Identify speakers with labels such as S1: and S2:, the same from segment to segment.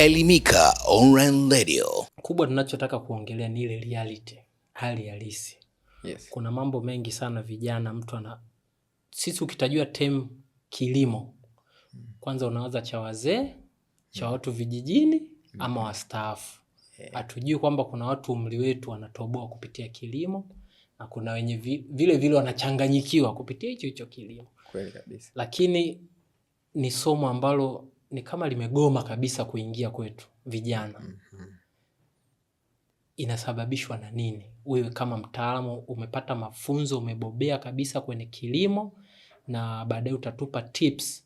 S1: Elimika Online Radio. Kubwa tunachotaka kuongelea ni ile reality, hali halisi. Yes. Kuna mambo mengi sana vijana mtu ana sisi ukitajua tem kilimo kwanza unawaza cha wazee cha watu vijijini ama wastaafu. Hatujui kwamba kuna watu umri wetu wanatoboa kupitia kilimo na kuna wenye vi, vile vile wanachanganyikiwa kupitia hicho hicho kilimo. Kweli kabisa. Lakini ni somo ambalo ni kama limegoma kabisa kuingia kwetu vijana mm -hmm. Inasababishwa na nini? Wewe kama mtaalamu umepata mafunzo, umebobea kabisa kwenye kilimo, na baadaye utatupa tips.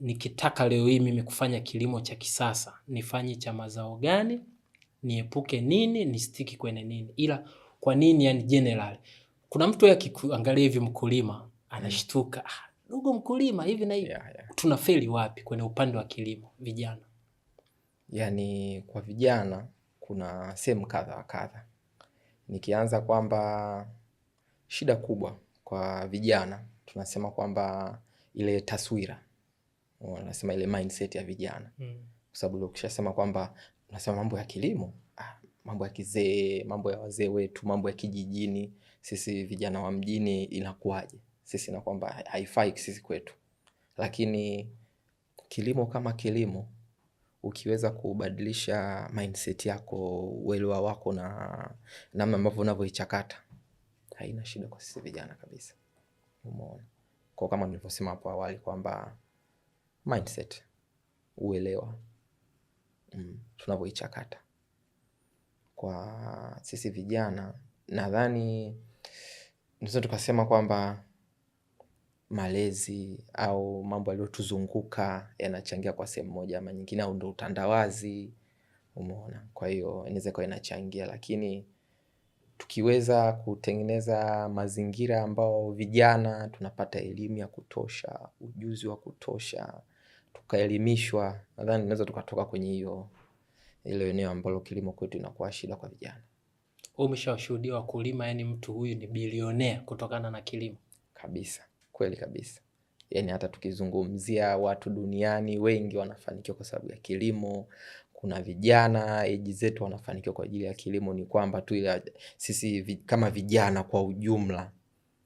S1: Nikitaka leo hii mimi kufanya kilimo cha kisasa, nifanye cha mazao gani, niepuke nini, nistiki kwenye nini, ila kwa nini, yani general. Kuna mtu yeye akikuangalia hivi mkulima anashtuka, ah, ndugu mkulima hivi na hivi yeah, yeah. feli wapi kwenye upande wa kilimo vijana?
S2: yani kwa vijana kuna sehemu kadha wa kadha, nikianza kwamba shida kubwa kwa vijana tunasema kwamba ile taswira, unasema ile mindset ya vijana mm. Kwa sababu ukishasema kwamba unasema mambo ya kilimo ah, mambo ya kizee, mambo ya wazee wetu, mambo ya kijijini, sisi vijana wa mjini inakuwaje? sisi na kwamba haifai sisi kwetu, lakini kilimo kama kilimo ukiweza kubadilisha mindset yako, uelewa wako na namna ambavyo unavyoichakata, haina shida kwa sisi vijana kabisa. Umeona, kwa kama nilivyosema hapo awali kwamba mindset, uelewa mm, tunavyoichakata kwa sisi vijana, nadhani tunaweza tukasema kwamba malezi au mambo yaliyotuzunguka yanachangia kwa sehemu moja ama nyingine, au ndo utandawazi, umeona. Kwa hiyo inaweza kuwa inachangia, lakini tukiweza kutengeneza mazingira ambao vijana tunapata elimu ya kutosha, ujuzi wa kutosha, tukaelimishwa, nadhani tunaweza tukatoka kwenye hiyo ilo eneo ambalo kilimo kwetu inakuwa shida kwa vijana.
S1: Umeshawashuhudia wakulima, yani mtu huyu ni bilionea kutokana na kilimo
S2: kabisa. Kweli kabisa. yani hata tukizungumzia watu duniani wengi wanafanikiwa kwa sababu ya kilimo. Kuna vijana eji zetu wanafanikiwa kwa ajili ya kilimo, ni kwamba tu ila sisi vi, kama vijana kwa ujumla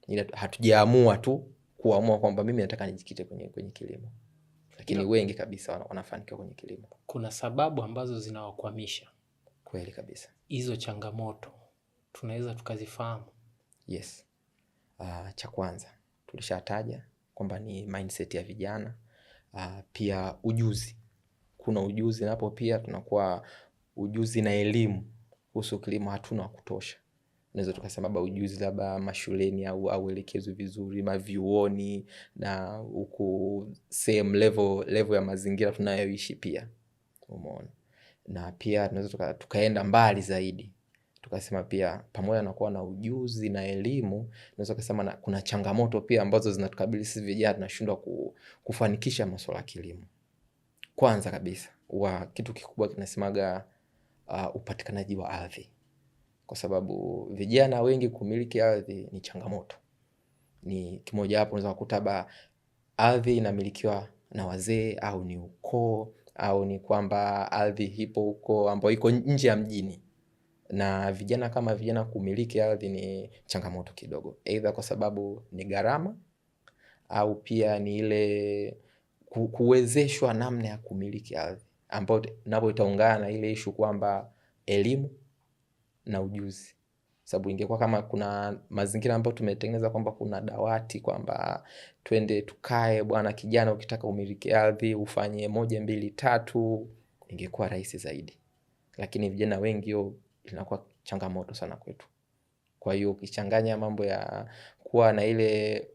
S2: ila hatujaamua tu kuamua kwamba mimi nataka nijikite kwenye, kwenye kilimo, lakini no. wengi kabisa wanafanikiwa kwenye kilimo.
S1: Kuna sababu ambazo zinawakwamisha.
S2: Kweli kabisa.
S1: Hizo changamoto tunaweza tukazifahamu.
S2: Yes. uh, cha kwanza tulishataja kwamba ni mindset ya vijana uh, pia ujuzi kuna ujuzi napo pia tunakuwa ujuzi na elimu kuhusu kilimo hatuna wa kutosha unaweza tukasema ba ujuzi labda mashuleni au auelekezwi vizuri mavyuoni na huku same level, level ya mazingira tunayoishi pia umeona na pia tunaweza tuka, tukaenda mbali zaidi tukasema pia pamoja na kuwa na ujuzi na elimu, naweza kusema na kuna changamoto pia ambazo zinatukabili sisi vijana, tunashindwa ku, kufanikisha masuala ya kilimo. Kwanza kabisa wa kitu kikubwa kinasemaga uh, upatikanaji wa ardhi, kwa sababu vijana wengi kumiliki ardhi ni changamoto, ni kimoja hapo Unaweza kukuta ardhi inamilikiwa na wazee au ni ukoo au ni kwamba ardhi ipo huko ambayo iko nje ya mjini na vijana kama vijana kumiliki ardhi ni changamoto kidogo, aidha kwa sababu ni gharama au pia ni ile kuwezeshwa namna ya kumiliki ardhi, ambayo napo itaungana na ile ishu kwamba elimu na ujuzi sababu ingekuwa kama kuna mazingira ambayo tumetengeneza kwamba kuna dawati kwamba twende tukae, bwana kijana, ukitaka umiliki ardhi ufanye moja mbili tatu, ingekuwa rahisi zaidi, lakini vijana wengi linakuwa changamoto sana kwetu. Kwa hiyo ukichanganya mambo ya kuwa na ile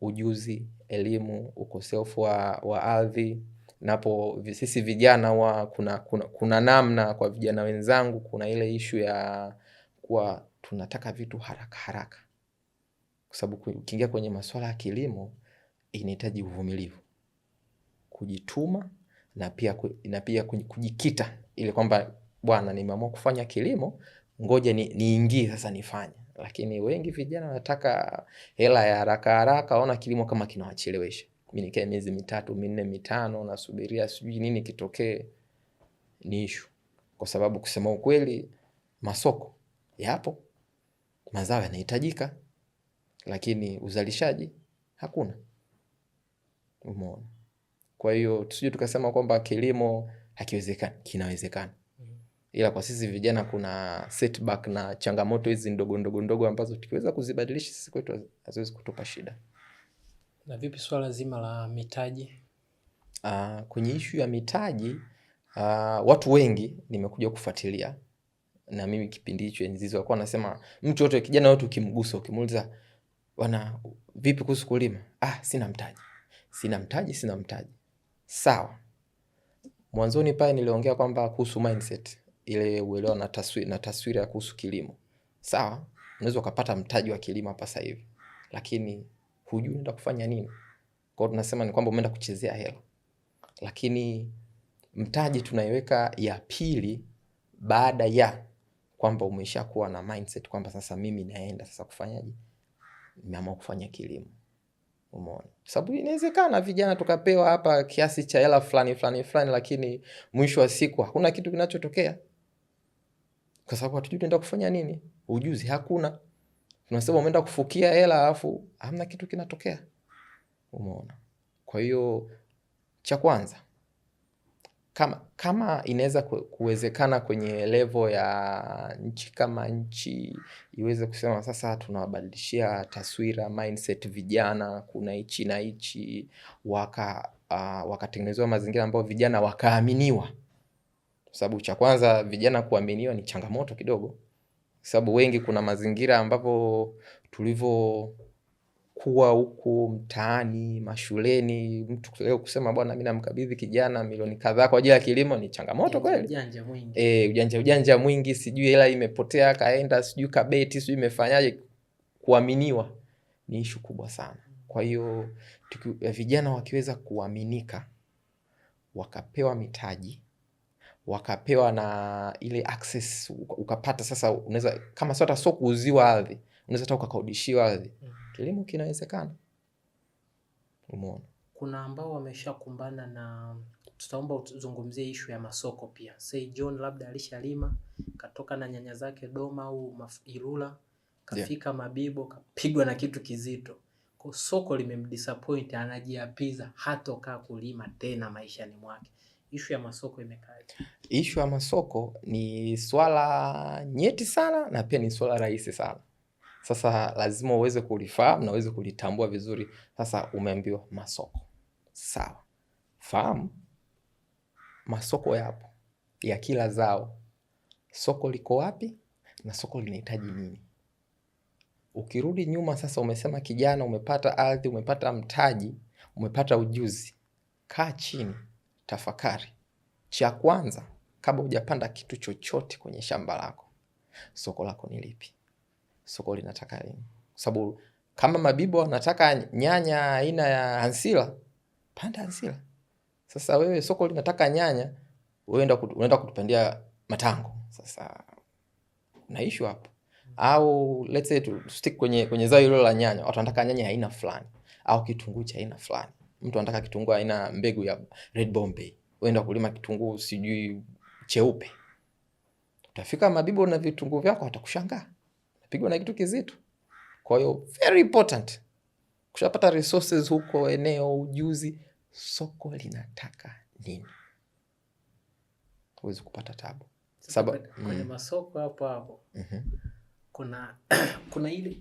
S2: ujuzi, elimu, ukosefu wa, wa ardhi napo sisi vijana wa kuna, kuna, kuna namna kwa vijana wenzangu, kuna ile ishu ya kuwa tunataka vitu haraka haraka, kwa sababu ukiingia kwenye masuala ya kilimo inahitaji uvumilivu, kujituma na pia, na pia kujikita ile kwamba bwana, nimeamua kufanya kilimo, ngoja niingie ni sasa nifanye. Lakini wengi vijana wanataka hela ya haraka haraka, waona kilimo kama kinawachelewesha. Mi nikae miezi mitatu minne mitano, nasubiria sijui nini kitokee, ni ishu, kwa sababu kusema ukweli, masoko yapo, mazao yanahitajika, lakini uzalishaji hakuna. Umeona? Kwa hiyo tusije tukasema kwamba kilimo hakiwezekani, kinawezekana ila kwa sisi vijana kuna setback na changamoto hizi ndogo ndogo ndogo ambazo tukiweza kuzibadilisha sisi kwetu haziwezi kutupa shida.
S1: Na vipi swala zima la mitaji?
S2: Uh, kwenye ishu ya mitaji uh, watu wengi nimekuja kufuatilia na mimi kipindi hicho enzizo walikuwa wanasema mtu yote kijana yote ukimgusa ukimuuliza wana vipi kuhusu kulima, ah, sina mtaji, sina mtaji, sina mtaji. Sawa, mwanzoni pale niliongea kwamba kuhusu mindset ile uelewa na taswira, na taswira ya kuhusu kilimo. Sawa, unaweza ukapata mtaji wa kilimo hapa sasa hivi, lakini hujui unaenda kufanya nini. Kwa hiyo tunasema ni kwamba umeenda kuchezea hela, lakini mtaji tunaiweka ya pili baada ya kwamba umesha kuwa na mindset kwamba sasa mimi naenda sasa kufanyaje, nimeamua kufanya kilimo. Umeona, sababu inawezekana vijana tukapewa hapa kiasi cha hela fulani fulani fulani, lakini mwisho wa siku hakuna kitu kinachotokea kwa sababu hatujui tunaenda kufanya nini, ujuzi hakuna. Tunasema umeenda kufukia hela alafu hamna kitu kinatokea. Umeona? Kwa hiyo cha kwanza kama kama inaweza kuwezekana kwenye levo ya nchi kama nchi iweze kusema sasa tunawabadilishia taswira mindset vijana, kuna hichi na hichi, waka uh, wakatengenezewa mazingira ambayo vijana wakaaminiwa sababu cha kwanza vijana kuaminiwa ni changamoto kidogo, sababu wengi kuna mazingira ambapo kuwa huku mtaani, mashuleni, mtu leo kusema bwana, mimi namkabidhi kijana milioni kadhaa kwa ajili ya kilimo ni changamoto kweli.
S1: Ujanja mwingi
S2: e, ujanja ujanja mwingi, sijui hela imepotea, kaenda sijui kabeti, sijui imefanyaje. Kuaminiwa ni ishu kubwa sana. Kwa hiyo eh, vijana wakiweza kuaminika, wakapewa mitaji wakapewa na ile access ukapata sasa, unaweza kama sio so kuuziwa ardhi, unaweza hata ukakaudishiwa ardhi. Mm. Kilimo kinawezekana. umona
S1: kuna ambao wameshakumbana na, tutaomba uzungumzie ishu ya masoko pia. sai John labda alishalima katoka na nyanya zake doma au Ilula kafika yeah, Mabibo kapigwa na kitu kizito, soko limemdisappoint, anajiapiza hatokaa kulima tena maishani mwake ishu ya masoko imekaaje?
S2: Ishu ya masoko ni swala nyeti sana na pia ni swala rahisi sana. Sasa lazima uweze kulifahamu na uweze kulitambua vizuri. Sasa umeambiwa masoko, sawa, fahamu masoko yapo ya kila zao, soko liko wapi na soko linahitaji nini. Ukirudi nyuma sasa, umesema kijana, umepata ardhi, umepata mtaji, umepata ujuzi, kaa chini tafakari. Cha kwanza, kabla hujapanda kitu chochote kwenye shamba lako, soko lako ni lipi? Soko linataka nini? Kwa sababu kama mabibo wanataka nyanya aina ya hansila, panda hansila. Sasa wewe soko linataka nyanya, unaenda kutupandia matango, sasa una ishu hapo. Au let's say tu stick kwenye, kwenye zao hilo la nyanya, watu wanataka nyanya aina fulani au kitunguu cha aina fulani mtu anataka kitunguu aina mbegu ya Red Bombay, uenda kulima kitunguu sijui cheupe, utafika Mabibo na vitunguu vyako watakushangaa, napigwa na kitu kizito. Kwa hiyo very important kushapata resources huko, eneo, ujuzi, soko linataka nini, huwezi kupata tabu Saba,
S1: kwenye mm. masoko hapo hapo mm -hmm. kuna kuna ile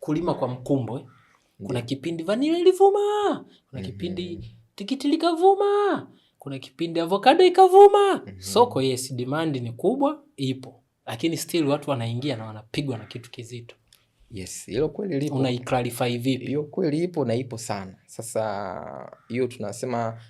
S1: kulima kwa mkumbwe kuna kipindi vanila ilivuma kuna mhm. kipindi mm -hmm. tikiti likavuma kuna kipindi avokado ikavuma mm -hmm. soko yes dimandi ni kubwa ipo lakini still watu wanaingia na wanapigwa na kitu kizito
S2: yes hilo kweli lipo
S1: unaiclarify vipi
S2: hiyo kweli ipo na ipo sana sasa hiyo tunasema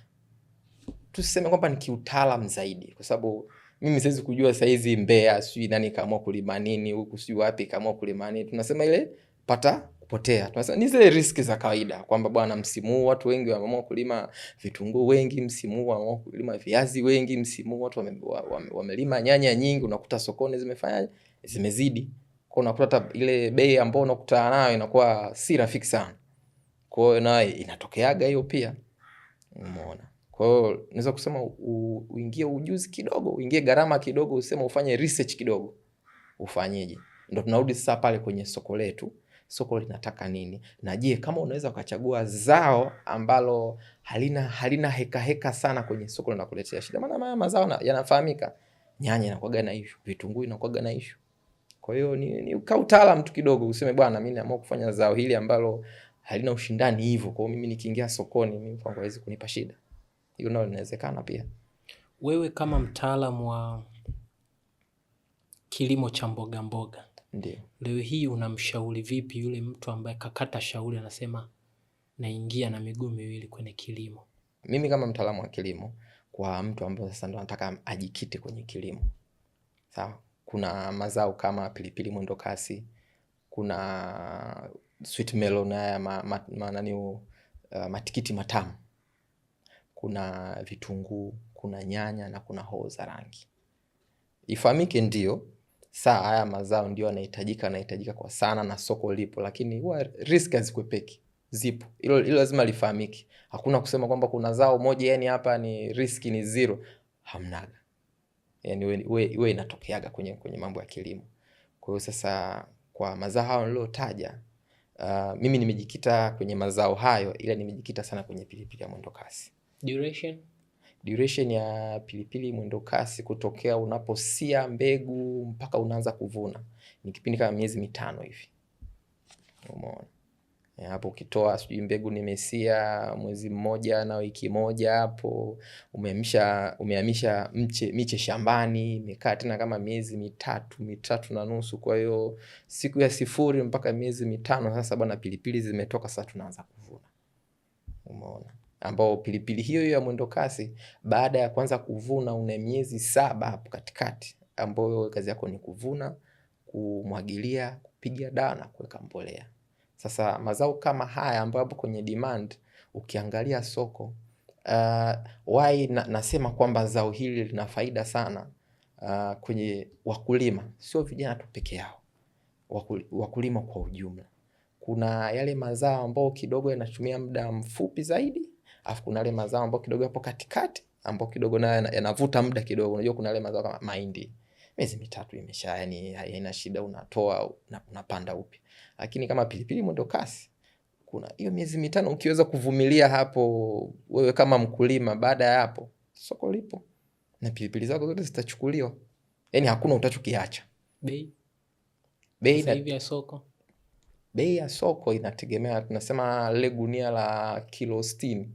S2: tuseme kwamba ni kiutaalamu zaidi kwa sababu mimi siwezi kujua saizi mbea sijui nani kaamua kulima nini huku sijui wapi kaamua kulima nini tunasema ile pata kupotea. Tunasema ni zile riski za kawaida kwamba bwana, msimu huu watu wengi wameamua kulima vitunguu, wengi msimu huu wameamua kulima viazi, wengi msimu huu watu wamelima wame, wame, wame nyanya nyingi, unakuta sokoni zimefanya zimezidi, kwa unakuta hata ile bei ambayo unakutana nayo inakuwa si rafiki sana. Kwa hiyo nayo inatokeaga hiyo pia, umeona. Kwa hiyo naweza kusema u, uingie ujuzi kidogo, uingie gharama kidogo, useme ufanye research kidogo, ufanyeje. Ndo tunarudi sasa pale kwenye soko letu soko linataka nini, na je, kama unaweza ukachagua zao ambalo halina halina heka heka sana kwenye soko linakuletea shida, maana haya mazao yanafahamika, nyanya inakuwaga na issue, vitunguu inakuwaga na issue. Kwa hiyo ni, ni ka utaalam tu kidogo, useme bwana, mimi naamua kufanya zao hili ambalo halina ushindani hivyo, kwa mimi nikiingia sokoni mimi kwangu kunipa shida. Hiyo nao inawezekana pia.
S1: Wewe kama mtaalamu wa kilimo cha mboga mboga Ndiyo. Leo hii unamshauri vipi yule mtu ambaye kakata shauri anasema naingia na miguu miwili kwenye kilimo?
S2: Mimi kama mtaalamu wa kilimo kwa mtu ambaye sasa ndo anataka ajikite kwenye kilimo. Sawa? Kuna mazao kama pilipili mwendo kasi, kuna sweet melon haya ma, ma, ma, nani, uh, matikiti matamu, kuna vitunguu, kuna nyanya na kuna hoho za rangi. Ifahamike ndio saa haya mazao ndio yanahitajika, yanahitajika kwa sana na soko lipo, lakini huwa riski hazikwepeki, zipo. Hilo lazima lifahamike. Hakuna kusema kwamba kuna zao moja yani hapa ni riski ni zero, hamnaga. Yani we, inatokeaga kwenye kwenye mambo ya kilimo. Kwa hiyo sasa kwa mazao hayo niliyotaja, uh, mimi nimejikita kwenye mazao hayo, ila nimejikita sana kwenye pilipili ya mwendokasi. Duration Duration ya pilipili mwendo kasi kutokea unaposia mbegu mpaka unaanza kuvuna ni kipindi kama miezi mitano hivi. Umeona eh, hapo, ukitoa sijui mbegu nimesia mwezi mmoja na wiki moja hapo, umeamisha umehamisha mche miche shambani, imekaa tena kama miezi mitatu mitatu na nusu. Kwa hiyo siku ya sifuri mpaka miezi mitano sasa, bwana, pilipili zimetoka sasa, tunaanza kuvuna. Umeona ambao pilipili hiyo hiyo ya mwendo kasi baada ya kwanza kuvuna una miezi saba hapo katikati, ambayo kazi yako ni kuvuna, kumwagilia, kupiga dawa na kuweka mbolea. Sasa mazao kama haya ambayo hapo kwenye demand, ukiangalia soko uh, wai na, nasema kwamba zao hili lina faida sana uh, kwenye wakulima, sio vijana tu peke yao, wakulima kwa ujumla. Kuna yale mazao ambayo kidogo yanatumia muda mfupi zaidi afu kuna yale mazao ambayo kidogo yapo katikati ambayo kidogo nayo yanavuta muda kidogo. Unajua kuna yale mazao kama mahindi miezi mitatu imesha, yani haina shida, unatoa unapanda upya. Lakini kama pilipili mwendo kasi, kuna hiyo miezi mitano ukiweza kuvumilia hapo, wewe kama mkulima, baada ya hapo soko lipo na pilipili zako zote zitachukuliwa, yani hakuna utachokiacha.
S1: Bei bei na... ya soko
S2: bei ya soko inategemea, tunasema le gunia la kilo sitini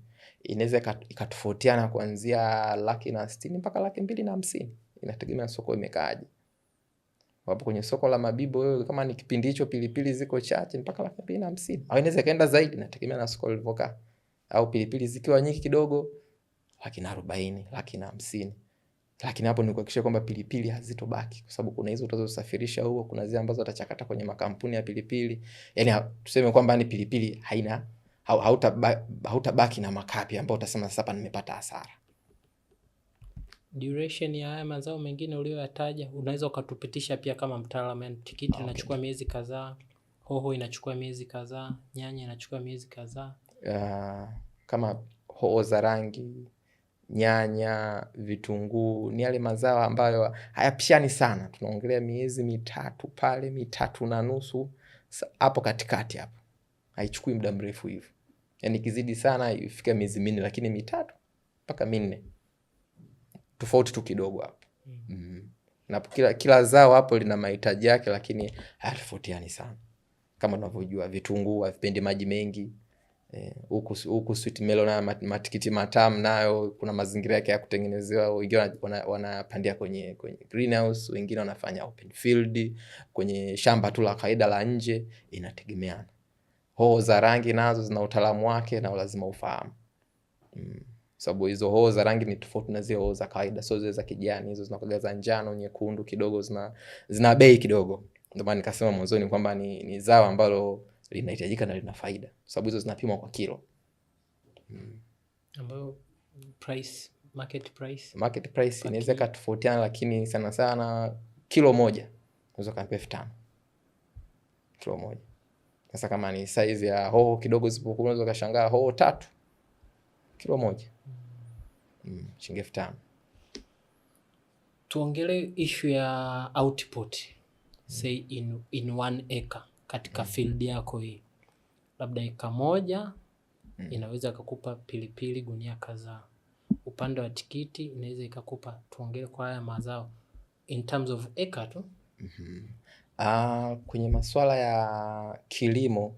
S2: inaweza ikatofautiana kuanzia laki na sitini mpaka laki mbili na hamsini inategemea soko imekaaje. Wapo kwenye soko la Mabibo wewe, kama ni kipindi hicho pilipili ziko chache, mpaka laki mbili na hamsini au inaweza ikaenda zaidi, nategemea na soko lilivyokaa, au pilipili zikiwa nyingi kidogo, laki na arobaini, laki na hamsini lakini hapo ni kuhakikisha kwamba pilipili hazitobaki, kwa sababu kuna hizo utazosafirisha huo, kuna zile ambazo atachakata kwenye makampuni ya pilipili. Yani tuseme kwamba ni pilipili haina hautabaki hauta na makapi ambao utasema sasa hapa nimepata hasara.
S1: Duration ya haya mazao mengine uliyoyataja unaweza ukatupitisha pia kama mtaalamu. yani Tikiti ah, okay, inachukua miezi kadhaa, hoho inachukua miezi kadhaa, nyanya inachukua miezi kadhaa.
S2: Uh, kama hoho za rangi, nyanya, vitunguu ni yale mazao ambayo hayapishani sana, tunaongelea miezi mitatu pale, mitatu na nusu hapo katikati hapo, haichukui muda mrefu hivyo yani kizidi sana ifike miezi minne, lakini mitatu mpaka minne, tofauti tu kidogo hapo mm. mm. na kila, kila zao hapo lina mahitaji yake, lakini hayatofautiani sana kama unavyojua vitunguu havipendi maji mengi eh, huku eh, sweet melon matikiti matamu nayo kuna mazingira yake ya kutengenezewa. Wengine wanapandia wana kwenye, kwenye greenhouse, wengine wanafanya open field kwenye shamba tu la kawaida la nje, inategemeana. Hoho za rangi nazo zina utaalamu wake na lazima ufahamu mm. Sababu hizo hoho za rangi ni tofauti na zile hoho za kawaida, sio zile za kijani. Hizo zinakaga za njano, nyekundu kidogo, zina zina bei kidogo. Ndio maana nikasema mwanzoni kwamba ni, ni zao ambalo linahitajika na lina faida, sababu hizo zinapimwa kwa kilo
S1: mm. ambayo price market price
S2: market price inaweza ikatofautiana, lakini sana sana kilo moja unaweza kampia elfu tano kilo moja sasa kama ni size ya hoho kidogo zipokuwa unaweza kashangaa hoho tatu kilo moja mm, shilingi elfu tano.
S1: Tuongelee issue ya output mm. say in, in one acre katika mm. field yako hii labda eka moja mm. inaweza ikakupa pilipili gunia kadhaa, upande wa tikiti inaweza ikakupa, tuongele kwa haya mazao in terms of acre tu mm -hmm.
S2: Uh, kwenye masuala ya kilimo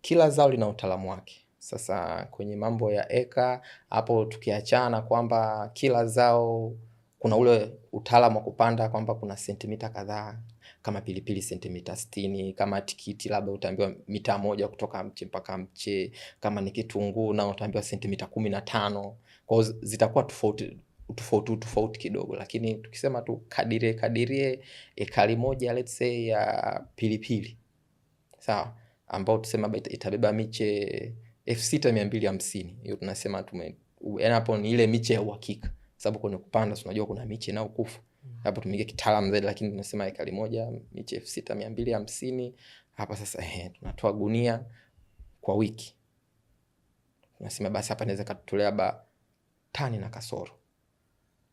S2: kila zao lina utaalamu wake. Sasa kwenye mambo ya eka hapo, tukiachana kwamba kila zao kuna ule utaalamu wa kupanda kwamba kuna sentimita kadhaa, kama pilipili sentimita sitini, kama tikiti labda utaambiwa mita moja kutoka mche mpaka mche, kama ni kitunguu nao utaambiwa sentimita kumi na tano. Kwa zitakuwa tofauti tofauti tofauti kidogo, lakini tukisema tu kadirie kadirie ekari moja let's say ya pilipili sawa, ambao tuseme itabeba miche elfu sita mia mbili hamsini hiyo tunasema tume, yaani hapo ni ile miche ya uhakika, sababu kwenye kupanda tunajua kuna miche na ukufu mm. hapo tumeingia kitaalam zaidi, lakini tunasema ekari moja miche elfu sita mia mbili hamsini hapa sasa eh, tunatoa gunia kwa wiki, tunasema basi hapa inaweza katutolea ba tani na kasoro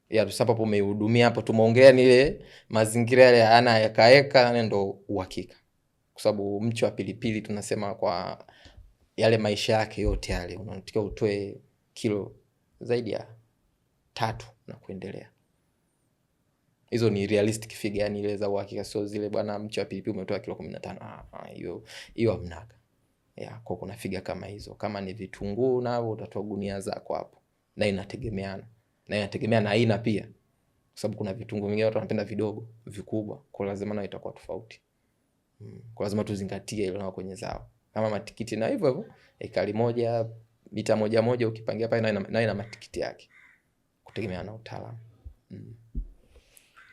S2: ya Lusamba umeihudumia hapo, tumeongea ni ile mazingira yale hayana yakaeka, ndo uhakika, kwa sababu mchi wa pilipili tunasema kwa yale maisha yake yote yale unatakiwa utoe kilo zaidi ya tatu na kuendelea. Hizo ni realistic figure, yani ile za uhakika, sio zile bwana mchi wa pilipili umetoa kilo 15 ah, ah Hiyo hiyo amnaka ya kwa, kuna figure kama hizo. Kama ni vitunguu, nao utatoa gunia zako hapo, na inategemeana na inategemea na aina pia, kwa sababu kuna vitunguu vingine watu wanapenda vidogo, vikubwa, kwa lazima nayo itakuwa tofauti. Mm. Kwa lazima tuzingatie hilo nao kwenye zao. Kama matikiti na hivyo hivyo, ekari moja mita moja moja ukipangia pale nayo ina matikiti yake kutegemea na utaalamu. Mm.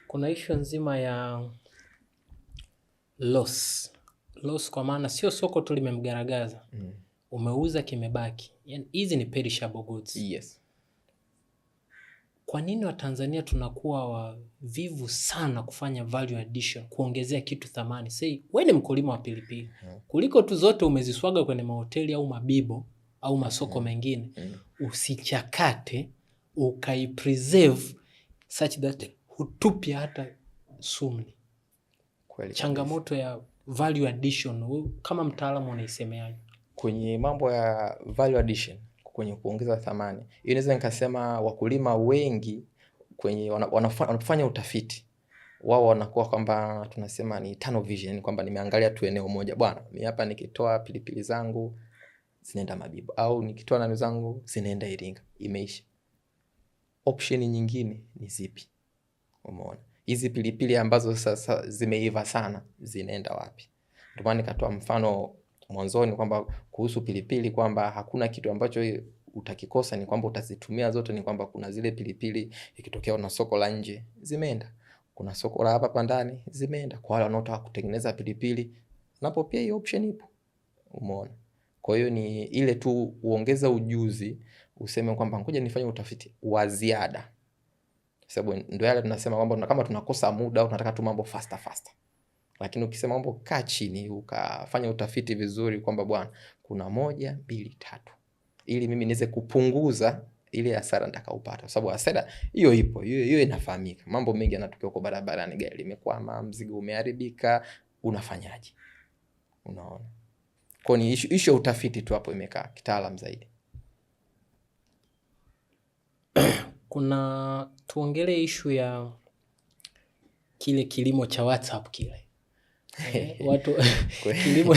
S1: Kuna ishu nzima ya loss loss, kwa maana sio soko tu limemgaragaza. Mm. Umeuza kimebaki, yani ni perishable goods. Yes. Kwa nini Watanzania tunakuwa wavivu sana kufanya value addition, kuongezea kitu thamani? Sei, wewe ni mkulima wa pilipili mm. kuliko tu zote umeziswaga kwenye mahoteli au mabibo au masoko mm. mengine, mm. usichakate ukaipreserve such that hutupia hata sumni. changamoto ya value addition kama mtaalamu unaisemeaje
S2: kwenye mambo ya value addition? kwenye kuongeza thamani hiyo. Naweza nikasema wakulima wengi kwenye wanapofanya utafiti wao wanakuwa kwamba tunasema ni tunnel vision, kwamba nimeangalia tu eneo moja, bwana mimi hapa nikitoa pilipili zangu zinaenda Mabibo au nikitoa nani zangu zinaenda Iringa, imeisha. Option nyingine ni zipi? Umeona hizi pilipili ambazo sasa zimeiva sana zinaenda wapi? Ndio maana nikatoa mfano mwanzoni kwamba kuhusu pilipili kwamba hakuna kitu ambacho utakikosa ni kwamba utazitumia zote. Ni kwamba kuna zile pilipili ikitokea na soko la nje zimeenda, kuna soko la hapa hapa ndani zimeenda, kwa wale wanaotaka kutengeneza pilipili napo pia hiyo option ipo, umeona. Kwa hiyo ni ile tu uongeza ujuzi, useme kwamba ngoja nifanye utafiti wa ziada, sababu ndio yale tunasema kwamba kama tunakosa muda au tunataka tu mambo faster faster. Lakini ukisema mambo, kaa chini ukafanya utafiti vizuri kwamba bwana, kuna moja mbili tatu, ili mimi niweze kupunguza ile hasara nitakaopata, kwa sababu hasara hiyo ipo, hiyo inafahamika. Mambo mengi yanatokea huko barabarani, gari limekwama, mzigo umeharibika, unafanyaje? Unaona, kwa ni ishu, ya utafiti tu hapo imekaa kitaalam zaidi.
S1: Kuna tuongelee ishu ya kile kilimo cha WhatsApp kile Eh, watu kilimo,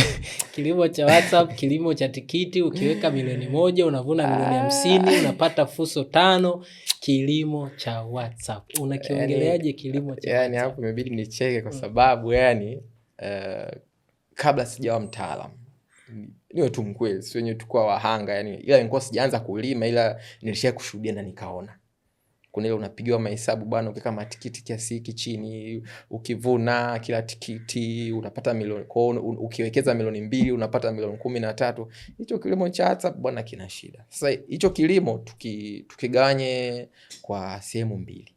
S1: kilimo cha WhatsApp, kilimo cha tikiti, ukiweka milioni moja unavuna milioni hamsini ah. unapata fuso tano. Kilimo cha WhatsApp unakiongeleaje? Yaani, kilimo
S2: cha yani hapo imebidi nicheke kwa sababu yani uh, eh, kabla sijawa mtaalam niwe tu mkweli, si wenyewe tukuwa wahanga yani, ila nilikuwa sijaanza kulima, ila nilishia kushuhudia na nikaona kuna ile unapigiwa mahesabu bwana, ukiweka matikiti kiasi hiki chini, ukivuna kila tikiti unapata milioni kwao, ukiwekeza milioni mbili unapata milioni kumi na tatu. Hicho kilimo cha WhatsApp bwana kina shida. Sasa hicho kilimo tuki, tukiganye kwa sehemu mbili.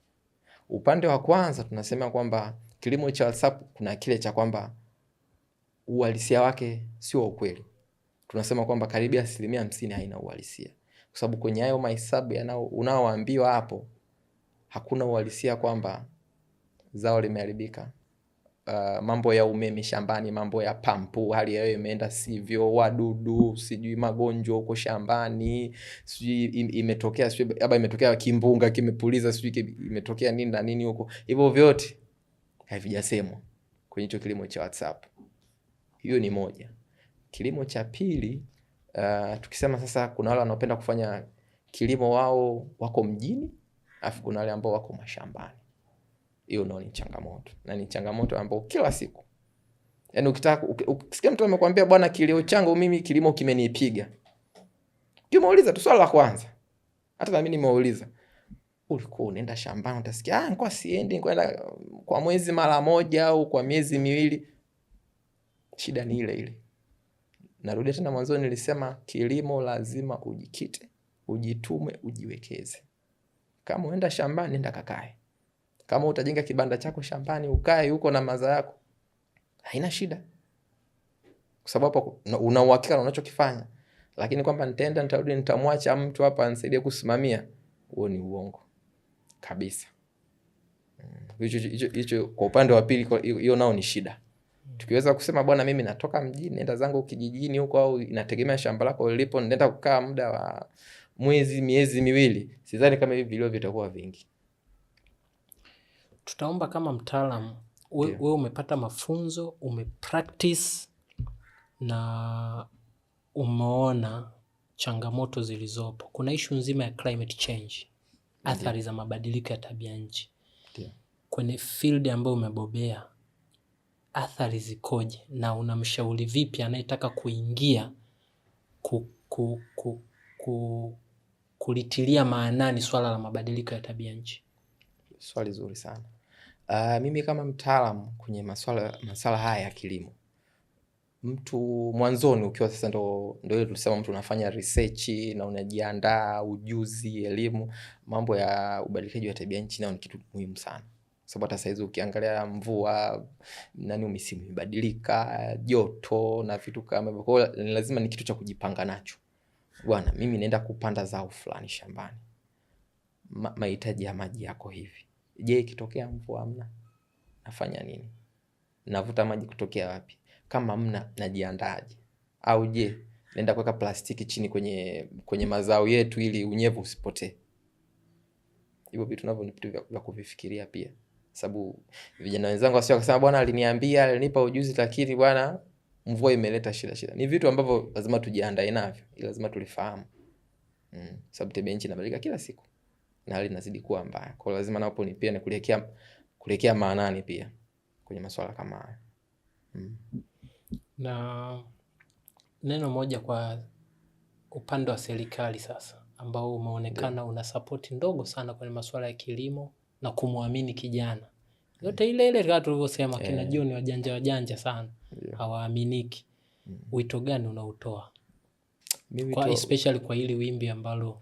S2: Upande wa kwanza tunasema kwamba kilimo cha WhatsApp kuna kile cha kwamba uhalisia wake sio ukweli. Tunasema kwamba karibia asilimia hamsini haina uhalisia, kwa sababu kwenye hayo mahesabu unaoambiwa hapo hakuna uhalisia kwamba zao limeharibika. Uh, mambo ya umeme shambani, mambo ya pampu, hali ya imeenda sivyo, wadudu, sijui magonjwa huko shambani, sijui imetokea, sijui labda imetokea kimbunga kimepuliza, sijui imetokea nini na nini huko. Hivyo vyote havijasemwa kwenye hicho kilimo cha WhatsApp. Hiyo ni moja. Kilimo cha pili, uh, tukisema sasa kuna wale wanaopenda kufanya kilimo wao wako mjini alafu kuna wale ambao wako mashambani. Hiyo ndio ni changamoto, na ni changamoto ambayo kila siku yaani ukitaka ukisikia mtu amekwambia bwana, kilio changu mimi kilimo kimenipiga, kimeuliza tu swala la kwanza, hata na mimi nimeuliza, ulikuwa unaenda shambani? Utasikia ah, nilikuwa siendi, nilikuwa uh, kwa mwezi mara moja au kwa miezi miwili. Shida ni ile ile. Narudia tena mwanzo, nilisema kilimo lazima ujikite, ujitume, ujiwekeze. Kama uenda shambani, enda kakae. Kama utajenga kibanda chako shambani ukae huko na maza yako, haina shida, kwa sababu una uhakika na unachokifanya. Lakini kwamba nitaenda nitarudi, nitamwacha mtu hapa ansaidie kusimamia, huo ni uongo kabisa. Mm. Hicho kwa upande wa pili, hiyo nao ni shida. Tukiweza kusema bwana, mimi natoka mjini nenda zangu kijijini huko, au inategemea shamba lako lilipo, nenda kukaa muda wa mwezi, miezi miwili, sidhani kama hivi vilio vitakuwa vingi.
S1: Tutaomba kama mtaalam wewe, yeah. Umepata mafunzo, ume na umeona changamoto zilizopo. Kuna ishu nzima ya climate change, athari yeah. za mabadiliko ya tabia nchi yeah. Kwenye field ambayo umebobea athari zikoje, na unamshauri vipi anayetaka kuingia ku, ku, ku, ku kulitilia maanani swala la mabadiliko ya tabia nchi?
S2: Swali zuri sana. Uh, mimi kama mtaalamu kwenye maswala, maswala haya ya kilimo, mtu mwanzoni ukiwa sasa ndo, ndo ile tulisema mtu unafanya research na unajiandaa, ujuzi, elimu, mambo ya ubadilikaji wa tabia nchi nao ni kitu muhimu sana sababu hata saizi ukiangalia mvua nani, misimu imebadilika, joto na vitu kama hivyo, kwa hiyo lazima ni kitu cha kujipanga nacho bwana, mimi naenda kupanda zao fulani shambani, Ma, mahitaji ya maji yako hivi. Je, ikitokea mvua amna, nafanya nini? Navuta maji kutokea wapi? Kama mna, najiandaaje? Au je, naenda kuweka plastiki chini kwenye kwenye mazao yetu ili unyevu usipotee? Hivyo vitu navyo ni vitu vya kuvifikiria pia, sababu vijana wenzangu wasio wakasema, bwana aliniambia alinipa ujuzi, lakini bwana mvua imeleta shida shida. Ni vitu ambavyo lazima tujiandae navyo, lazima tulifahamu mm. Sababu tabia nchi inabadilika kila siku na hali inazidi kuwa mbaya, kwao lazima napo ni pia ni kulekea maanani pia kwenye masuala kama haya mm.
S1: Na neno moja kwa upande wa serikali sasa, ambao umeonekana una sapoti ndogo sana kwenye masuala ya kilimo na kumwamini kijana yote ile ile kama tulivyosema yeah. Kina John wajanja wajanja sana yeah. Hawaaminiki mm. Wito gani unautoa kwa especially kwa hili wimbi ambalo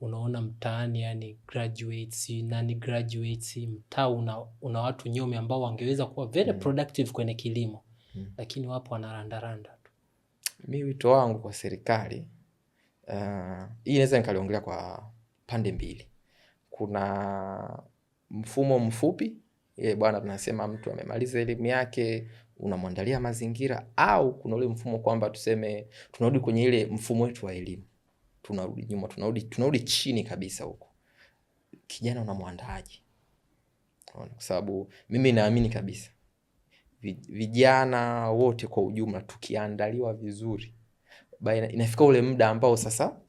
S1: unaona mtaani, yani graduates nani graduates, mtaa una, una watu nyome ambao wangeweza kuwa very mm. productive kwenye kilimo mm. Lakini wapo wanarandaranda tu.
S2: Mi wito wangu kwa serikali uh, hii naweza nikaliongelea kwa pande mbili. Kuna mfumo mfupi ile bwana tunasema mtu amemaliza elimu yake unamwandalia mazingira au kuna ule mfumo kwamba tuseme tunarudi kwenye ile mfumo wetu wa elimu tunarudi nyuma tunarudi tunarudi chini kabisa huko kijana unamwandaaje kwa sababu mimi naamini kabisa vijana wote kwa ujumla tukiandaliwa vizuri inafika ule muda ambao sasa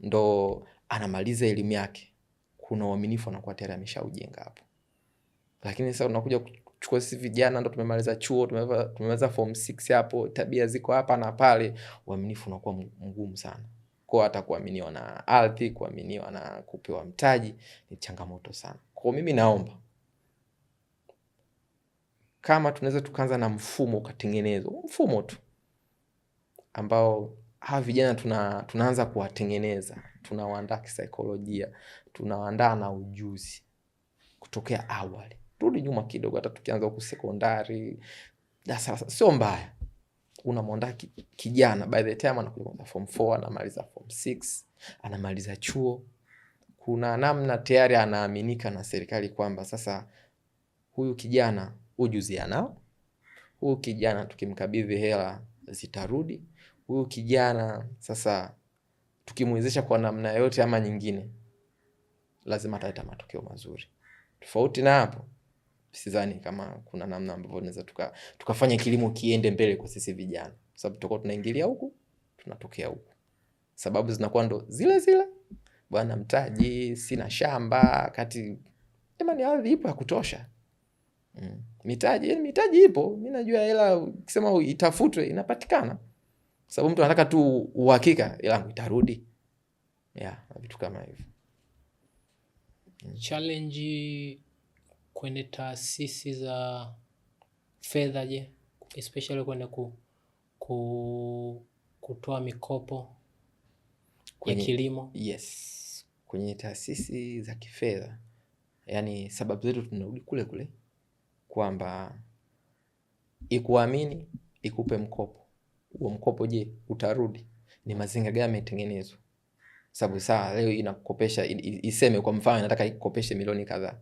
S2: ndo anamaliza elimu yake kuna uaminifu anakuwa tayari ameshaujenga hapo lakini sasa unakuja kuchukua sisi vijana ndo tumemaliza chuo tumemaliza form six hapo tabia ziko hapa na pale uaminifu unakuwa mgumu sana kwa hata kuaminiwa na ardhi kuaminiwa na kupewa mtaji ni changamoto sana kwao mimi naomba kama tunaweza tukaanza na mfumo ukatengenezwa mfumo tu ambao hawa vijana tuna, tunaanza kuwatengeneza tunawaandaa kisaikolojia tunawaandaa na ujuzi kutokea awali turudi nyuma kidogo, hata tukianza huku sekondari, sio mbaya, unamwandaa kijana, by the time anakuja form 4 anamaliza form 6 anamaliza chuo, kuna namna tayari anaaminika na serikali kwamba sasa huyu kijana ujuzi anao, huyu kijana tukimkabidhi hela zitarudi, huyu kijana sasa tukimwezesha kwa namna yote ama nyingine, lazima ataleta matokeo mazuri. Tofauti na hapo sizani kama kuna namna ambavyo tunaweza tuka, tukafanya kilimo kiende mbele kwa sisi vijana, kwa sababu tutakuwa tunaingilia huku tunatokea huku, sababu zinakuwa ndo zile zile, bwana mtaji, sina shamba, kati jamani, ardhi ipo ya kutosha mm. mitaji yaani mitaji ipo, mi najua hela ukisema itafutwe inapatikana, kwa sababu mtu anataka tu uhakika ilangu itarudi, yeah, vitu kama hivyo
S1: mm. challenge kwenye taasisi za fedha, je, especially kwenye ku, ku, kutoa mikopo kwenye, ya kilimo?
S2: Yes, kwenye taasisi za kifedha, yaani sababu zetu tunarudi kule kule kwamba ikuamini ikupe mkopo huo mkopo, je utarudi? Ni mazingira gani yametengenezwa? Sababu saa leo inakukopesha iseme, kwa mfano nataka ikukopeshe milioni kadhaa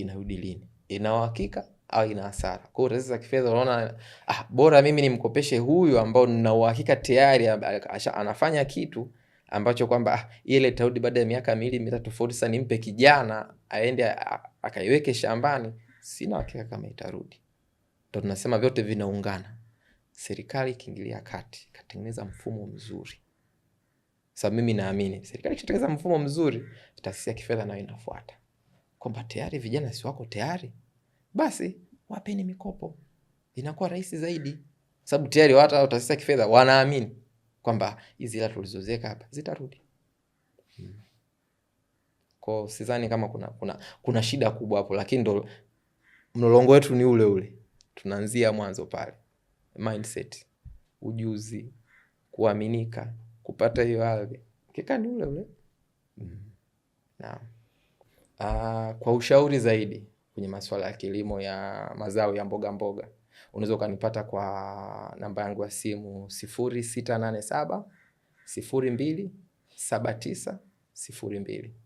S2: inarudi lini, ina uhakika au ina hasara. Kwa hiyo taasisi za kifedha unaona, ah, bora mimi nimkopeshe huyu ambao nina uhakika tayari anafanya kitu ambacho kwamba ah, ile itarudi baada ya miaka miwili mitatu tofauti. Sasa nimpe kijana aende akaiweke shambani, sina uhakika kama itarudi. Ndo tunasema vyote vinaungana. Serikali ikiingilia kati, ikatengeneza mfumo mzuri. Sasa mimi naamini serikali ikitengeneza mfumo mzuri, taasisi ya kifedha nayo inafuata kwamba tayari vijana si wako tayari, basi wapeni mikopo, inakuwa rahisi zaidi, sababu tayari hata taasisi ya kifedha wanaamini kwamba hizi hela tulizoziweka hapa zitarudi. Hmm. Kwa sidhani kama kuna, kuna, kuna shida kubwa hapo, lakini ndo mlolongo wetu ni ule ule, tunaanzia mwanzo pale, mindset, ujuzi, kuaminika, kupata hiyo ardhi, kika ni ule ule. Hmm. Naam. Uh, kwa ushauri zaidi kwenye masuala ya kilimo ya mazao ya mboga mboga unaweza ukanipata kwa namba yangu ya simu sifuri sita nane saba sifuri mbili saba tisa sifuri mbili.